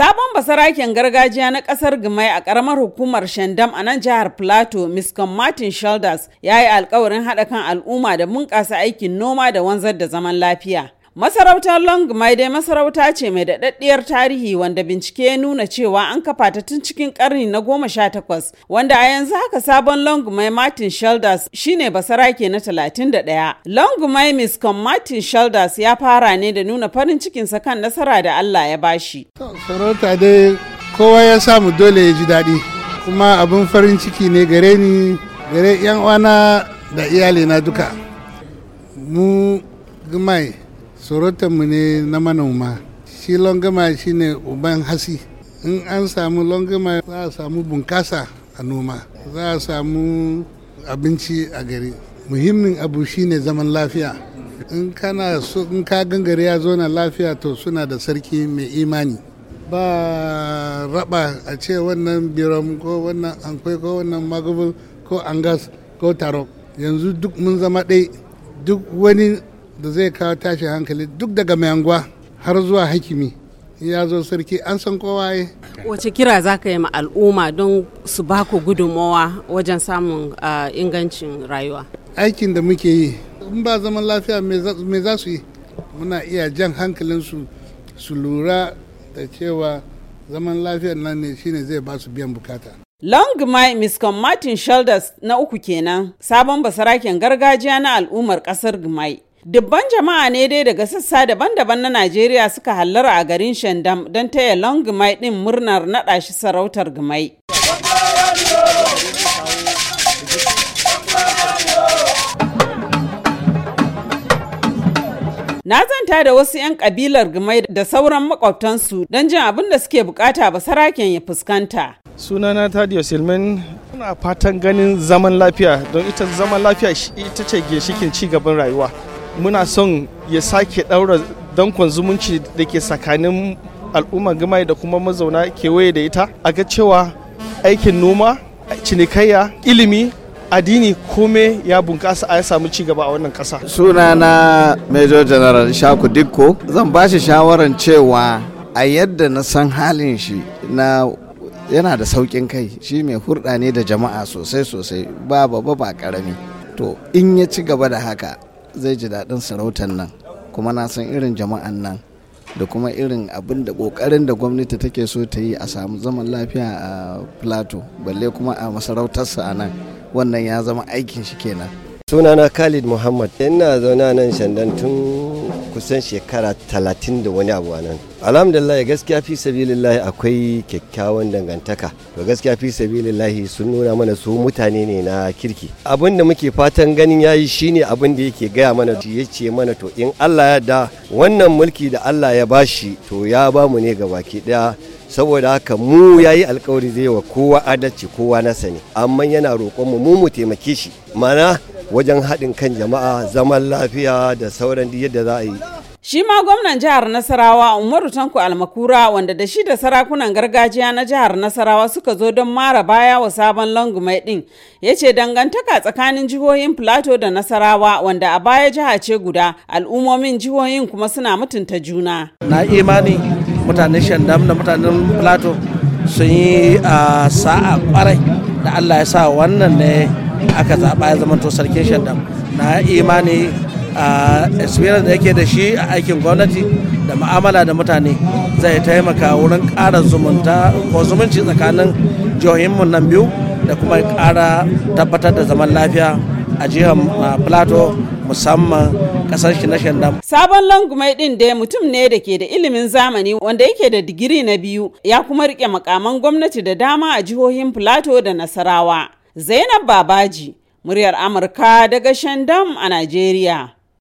Sabon basaraken gargajiya na kasar Gumai a karamar hukumar Shandam a nan jihar Plateau, Miskan Martin Shoulders ya yi alkawarin haɗa kan al'umma da bunƙasa aikin noma da wanzar da zaman lafiya. Masarautar mai dai masarauta ce mai daɗaɗɗiyar tarihi wanda bincike ya nuna cewa an kafa ta tun cikin ƙarni na goma sha takwas wanda a yanzu haka sabon mai Martin Shelders shine basarake na talatin da ɗaya. mai Miscom Martin Shelders ya fara ne da nuna farin cikinsa kan nasara da Allah ya bashi. Sarauta dai kowa ya samu dole ya ji daɗi kuma abin farin ciki ne gare ni gare 'yan uwana da iyalina duka. Mu gumai mu ne na manoma shi longama shine uban hasi in an samu longama za a samu bunkasa a noma za a samu abinci a gari muhimmin abu shine zaman lafiya in kana so in ka gangare ya zo na lafiya to suna da sarki mai imani ba raba a ce wannan biram ko wannan ankwai ko wannan magubul ko angas ko tarok yanzu duk mun zama ɗai duk wani da zai kawo tashin hankali duk daga mai har zuwa hakimi ya zo sarki an san kowa ya wace kira za ka yi ma al'umma don su ba ku gudunmowa wajen samun ah, ingancin rayuwa aikin da muke yi in ba zaman lafiya me za su yi muna iya jan hankalinsu su lura da cewa zaman lafiya nan ne shine zai ba su biyan bukata Long Mai Miscom Martin shoulders na uku kenan sabon basaraken gargajiya na al'ummar kasar Gmai. Dubban jama'a ne dai daga sassa daban-daban na Najeriya suka hallara a garin Shandam don taya Long Gumai ɗin murnar naɗa shi sarautar Gumai. Na zanta da wasu 'yan ƙabilar Gumai da sauran makwabtansu don jin abin da suke bukata ba saraken ya fuskanta. Sunana Tadiyo Silman muna fatan ganin zaman lafiya don ita zaman lafiya ita ce ginshikin ci gaban rayuwa. muna son ya sake ɗaura dankon zumunci da ke tsakanin al'ummar gama da kuma mazauna kewaye da ita a ga cewa aikin noma cinikayya ilimi addini kome ya bunkasa a ya samu ci gaba a wannan kasa na major general shaku dikko zan ba shi shawaran cewa a yadda na san halin shi na yana da sauƙin kai shi mai hurɗa ne da jama'a sosai sosai ba ba ba ƙarami to in ya ci gaba da haka zai ji daɗin sarautar nan kuma na san irin jama'an nan da kuma irin abin da ƙoƙarin da gwamnati take so ta yi a samu zaman lafiya a plato balle kuma a masarautarsa a nan wannan ya zama aikin shi kenan sunana khalid muhammad ina zaune nan shandan tun kusan shekara talatin da wani abu nan alhamdulillah gaskiya fi sabilillahi akwai kyakkyawan dangantaka to gaskiya fi sabilillahi sun nuna mana su mutane ne na kirki abin da muke fatan ganin yayi shine abin da yake gaya mana ya ce mana to in Allah ya da wannan mulki da Allah ya bashi to ya bamu ne ga baki daya saboda haka mu ya yi alkawari zai wa kowa adalci kowa nasa ne amma yana roƙon mu mu mu taimake shi mana wajen haɗin kan jama'a zaman lafiya da sauran yadda za a yi Shi ma gwamnan jihar Nasarawa Umaru Tanko Almakura wanda da shi da sarakunan gargajiya na jihar Nasarawa suka zo don mara baya wa sabon langumai din ya ce dangantaka tsakanin jihohin Plateau da Nasarawa wanda a baya jiha ce guda al'ummomin jihohin kuma suna mutunta juna. Na imani mutanen Shandam da mutanen Plateau sun yi ah, sa'a kwarai da Allah ya sa wannan ne aka zaɓa ya zama sarkin shandam na imani a experience da yake da shi a aikin gwamnati da ma'amala da mutane zai taimaka wurin ƙara zumunta ko zumunci tsakanin jihohinmu nan biyu da kuma ƙara tabbatar da zaman lafiya a jihar plato musamman kasar shi na shandam. Sabon langumai din dai mutum ne da ke da ilimin zamani wanda yake da digiri na biyu ya kuma rike makaman gwamnati da dama a jihohin plato da Nasarawa. Zainab Babaji, muryar Amurka daga Shandam a Najeriya.